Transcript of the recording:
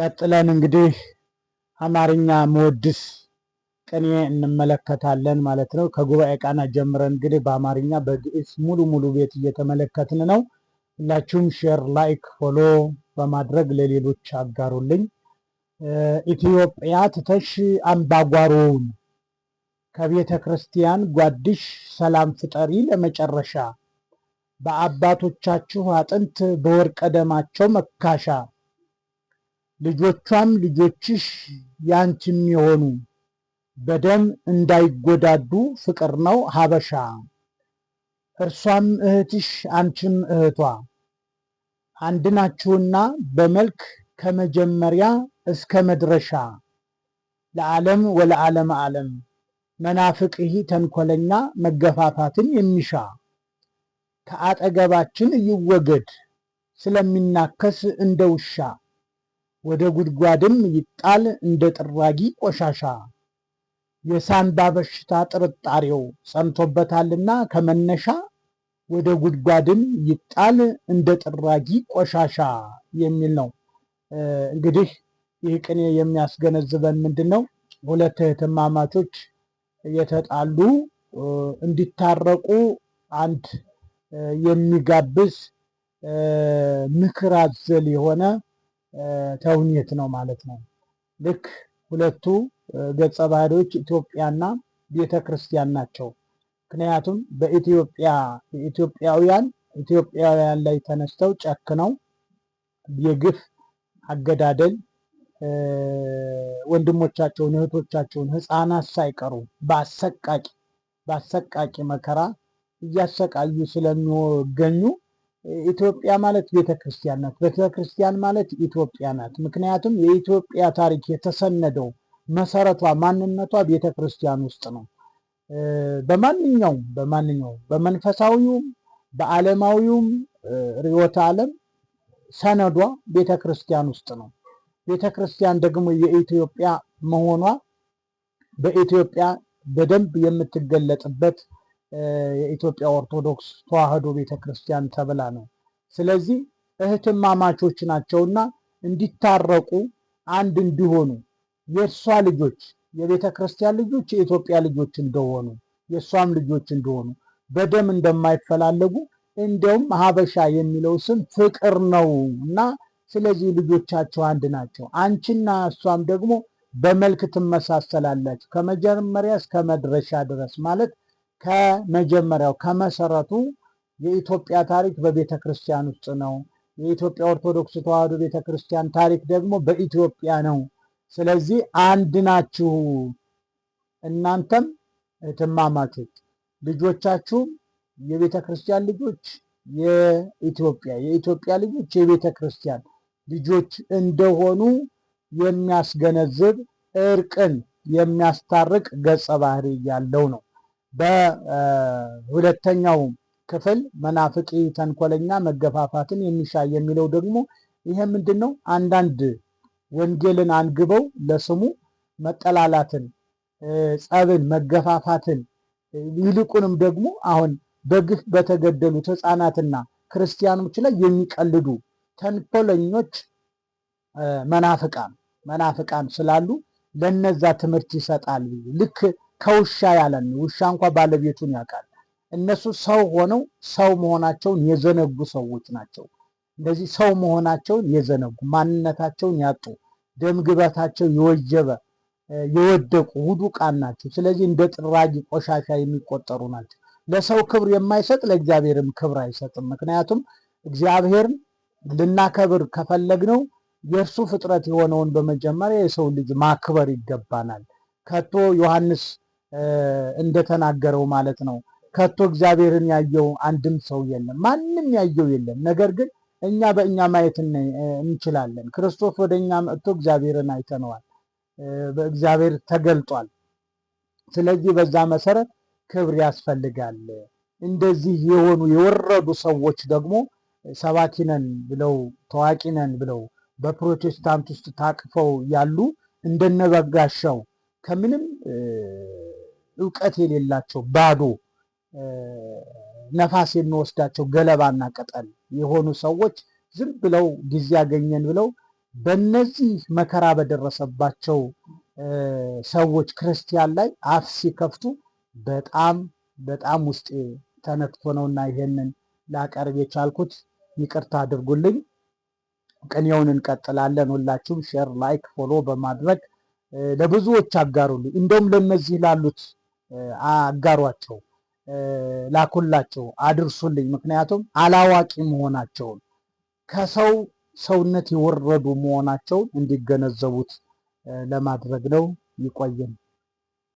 ቀጥለን እንግዲህ አማርኛ መወድስ ቅኔ እንመለከታለን ማለት ነው። ከጉባኤ ቃና ጀምረን እንግዲህ በአማርኛ በግዕስ ሙሉ ሙሉ ቤት እየተመለከትን ነው። ሁላችሁም ሼር፣ ላይክ፣ ፎሎ በማድረግ ለሌሎች አጋሩልኝ። ኢትዮጵያ ትተሽ አምባጓሮውን ከቤተ ክርስቲያን ጓድሽ ሰላም ፍጠሪ ለመጨረሻ በአባቶቻችሁ አጥንት በወርቀ ደማቸው መካሻ ልጆቿም ልጆችሽ ያንቺም የሆኑ በደም እንዳይጎዳዱ ፍቅር ነው ሀበሻ። እርሷም እህትሽ አንቺም እህቷ ናችሁና በመልክ ከመጀመሪያ እስከ መድረሻ ለዓለም ወለዓለም ዓለም መናፍቅ ይህ ተንኮለኛ መገፋፋትን የሚሻ ከአጠገባችን ይወገድ ስለሚናከስ እንደ ውሻ ወደ ጉድጓድም ይጣል እንደ ጥራጊ ቆሻሻ። የሳንባ በሽታ ጥርጣሬው ጸንቶበታልና ከመነሻ ወደ ጉድጓድም ይጣል እንደ ጥራጊ ቆሻሻ የሚል ነው። እንግዲህ ይህ ቅኔ የሚያስገነዝበን ምንድን ነው? ሁለት እህትማማቾች የተጣሉ እንዲታረቁ አንድ የሚጋብዝ ምክር አዘል የሆነ ተውኔት ነው ማለት ነው። ልክ ሁለቱ ገጸ ባህሪዎች ኢትዮጵያና ቤተ ክርስቲያን ናቸው። ምክንያቱም በኢትዮጵያ ኢትዮጵያውያን ኢትዮጵያውያን ላይ ተነስተው ጨክነው የግፍ አገዳደል ወንድሞቻቸውን እህቶቻቸውን ህፃናት ሳይቀሩ በአሰቃቂ በአሰቃቂ መከራ እያሰቃዩ ስለሚገኙ ኢትዮጵያ ማለት ቤተክርስቲያን ናት። ቤተክርስቲያን ማለት ኢትዮጵያ ናት። ምክንያቱም የኢትዮጵያ ታሪክ የተሰነደው መሰረቷ፣ ማንነቷ ቤተክርስቲያን ውስጥ ነው። በማንኛውም በማንኛውም በመንፈሳዊውም በዓለማዊውም ርዕዮተ ዓለም ሰነዷ ቤተክርስቲያን ውስጥ ነው። ቤተክርስቲያን ደግሞ የኢትዮጵያ መሆኗ በኢትዮጵያ በደንብ የምትገለጥበት የኢትዮጵያ ኦርቶዶክስ ተዋህዶ ቤተክርስቲያን ተብላ ነው። ስለዚህ እህትማማቾች ናቸውና እንዲታረቁ አንድ እንዲሆኑ የእሷ ልጆች የቤተ ክርስቲያን ልጆች የኢትዮጵያ ልጆች እንደሆኑ የእሷም ልጆች እንደሆኑ በደም እንደማይፈላለጉ እንዲያውም ሀበሻ የሚለው ስም ፍቅር ነው እና ስለዚህ ልጆቻቸው አንድ ናቸው። አንቺና እሷም ደግሞ በመልክ ትመሳሰላላችሁ ከመጀመሪያ እስከ መድረሻ ድረስ ማለት ከመጀመሪያው ከመሰረቱ የኢትዮጵያ ታሪክ በቤተ ክርስቲያን ውስጥ ነው። የኢትዮጵያ ኦርቶዶክስ ተዋህዶ ቤተ ክርስቲያን ታሪክ ደግሞ በኢትዮጵያ ነው። ስለዚህ አንድ ናችሁ። እናንተም እህትማማቾች፣ ልጆቻችሁም የቤተ ክርስቲያን ልጆች የኢትዮጵያ የኢትዮጵያ ልጆች የቤተ ክርስቲያን ልጆች እንደሆኑ የሚያስገነዝብ እርቅን የሚያስታርቅ ገጸ ባህሪ ያለው ነው። በሁለተኛው ክፍል መናፍቂ፣ ተንኮለኛ፣ መገፋፋትን የሚሻ የሚለው ደግሞ ይሄ ምንድን ነው? አንዳንድ ወንጌልን አንግበው ለስሙ መጠላላትን፣ ጸብን፣ መገፋፋትን ይልቁንም ደግሞ አሁን በግፍ በተገደሉት ሕፃናትና ክርስቲያኖች ላይ የሚቀልዱ ተንኮለኞች መናፍቃን መናፍቃን ስላሉ ለነዛ ትምህርት ይሰጣል። ልክ ከውሻ ያለን ውሻ እንኳ ባለቤቱን ያውቃል። እነሱ ሰው ሆነው ሰው መሆናቸውን የዘነጉ ሰዎች ናቸው። እንደዚህ ሰው መሆናቸውን የዘነጉ ማንነታቸውን ያጡ ደምግበታቸው የወጀበ የወደቁ ውዱቃን ናቸው። ስለዚህ እንደ ጥራጊ ቆሻሻ የሚቆጠሩ ናቸው። ለሰው ክብር የማይሰጥ ለእግዚአብሔርም ክብር አይሰጥም። ምክንያቱም እግዚአብሔርን ልናከብር ከፈለግነው የእርሱ ፍጥረት የሆነውን በመጀመሪያ የሰው ልጅ ማክበር ይገባናል። ከቶ ዮሐንስ እንደተናገረው ማለት ነው። ከቶ እግዚአብሔርን ያየው አንድም ሰው የለም፣ ማንም ያየው የለም። ነገር ግን እኛ በእኛ ማየት እንችላለን። ክርስቶስ ወደ እኛ መጥቶ እግዚአብሔርን አይተነዋል፣ በእግዚአብሔር ተገልጧል። ስለዚህ በዛ መሰረት ክብር ያስፈልጋል። እንደዚህ የሆኑ የወረዱ ሰዎች ደግሞ ሰባኪ ነን ብለው ታዋቂ ነን ብለው በፕሮቴስታንት ውስጥ ታቅፈው ያሉ እንደነበጋሻው ከምንም እውቀት የሌላቸው ባዶ ነፋስ የሚወስዳቸው ገለባና ቅጠል የሆኑ ሰዎች ዝም ብለው ጊዜ ያገኘን ብለው በነዚህ መከራ በደረሰባቸው ሰዎች ክርስቲያን ላይ አፍ ሲከፍቱ በጣም በጣም ውስጤ ተነክቶ ነውና ይሄንን ላቀርብ የቻልኩት ይቅርታ አድርጉልኝ። ቅኔውን እንቀጥላለን። ሁላችሁም ሼር፣ ላይክ፣ ፎሎ በማድረግ ለብዙዎች አጋሩልኝ። እንደውም ለነዚህ ላሉት አጋሯቸው፣ ላኩላቸው፣ አድርሱልኝ። ምክንያቱም አላዋቂ መሆናቸውን ከሰው ሰውነት የወረዱ መሆናቸውን እንዲገነዘቡት ለማድረግ ነው። ይቆየን።